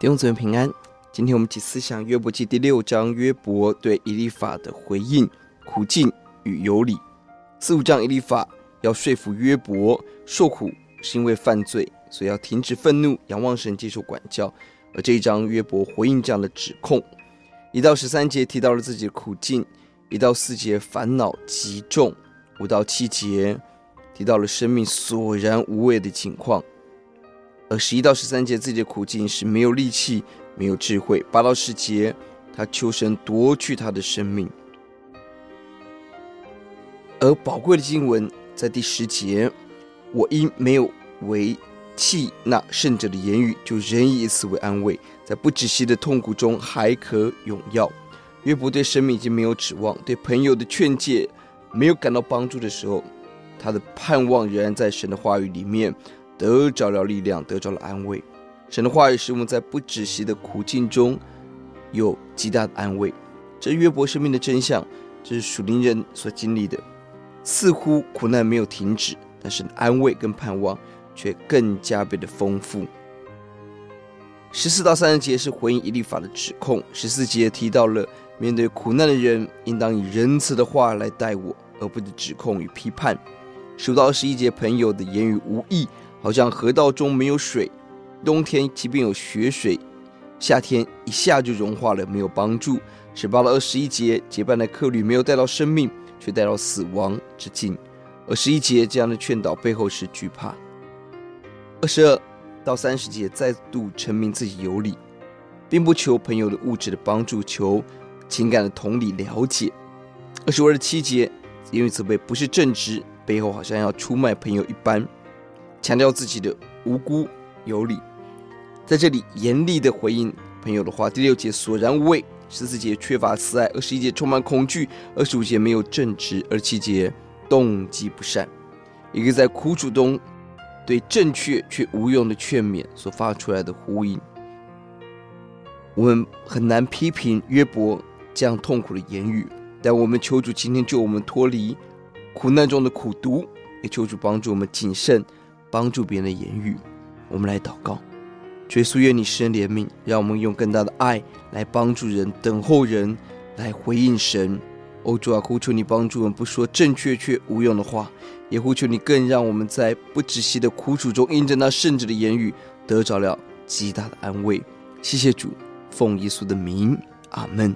弟兄姊妹平安，今天我們一起思想《約伯記》第六章，約伯對以利法的回應：苦境與有理。四五章以利法要說服約伯受苦是因為犯罪，所以要停止憤怒，仰望神接受管教。而這一章約伯回應這樣的指控，一到十三節提到了自己的苦境，一到四節煩惱極重，五到七節提到了生命索然無味的情況。而十一到十三節，自己的苦境是沒有力氣、沒有智慧。八到十節，他求神奪去他的生命。而寶貴的經文在第十節：我因沒有違棄那聖者的言語，就仍以此為安慰，在不止息的痛苦中還可踴躍。約伯對生命已經沒有指望，對朋友的勸誡沒有感到幫助的時候，他的盼望仍然在神的話語裡面。得著了力量，得着了安慰。神的話語使我們在不止息的苦境中有極大的安慰。這是約伯生命的真相，這是屬靈人所經歷的。似乎苦難沒有停止，但是安慰跟盼望卻更加倍的豐富。十四到三十節是回應以利法的指控。十四節提到了面對苦難的人，應當以仁慈的話來待我，而不是指控與批判。十五到二十一節，朋友的言語無益。好像河道中沒有水，冬天即便有雪水，夏天一下就融化了，沒有幫助。十八到二十一節，結伴的客旅沒有帶到生命，卻帶到死亡之境。二十一節，這樣的勸導背後是懼怕。二十二到三十節再度陳明自己有理，並不求朋友的物質的幫助，求情感的同理了解。二十五到二十七節，因為責備不是正直，背後好像要出賣朋友一般。強調自己的無辜有理，在這裡嚴厲的回應朋友的話。第六節索然無味，十四節缺乏慈愛，二十一節充滿恐懼，二十五節沒有正直，二十七節動機不善。一個在苦楚中對正確卻無用的勸勉所發出來的呼應，我們很難批評約伯這樣痛苦的言語。但我們求主今天救我們脫離苦難中的苦毒，也求主幫助我們謹慎。幫助別人的言語，我們來禱告。耶穌，願你生憐憫，讓我們用更大的愛來幫助人，等候人，來回應神。歐主啊，呼求你幫助我們不說正確卻無用的話，也呼求你更讓我們在不止息的苦楚中，因著那聖者的言語得着了極大的安慰。謝謝主，奉耶穌的名，阿門。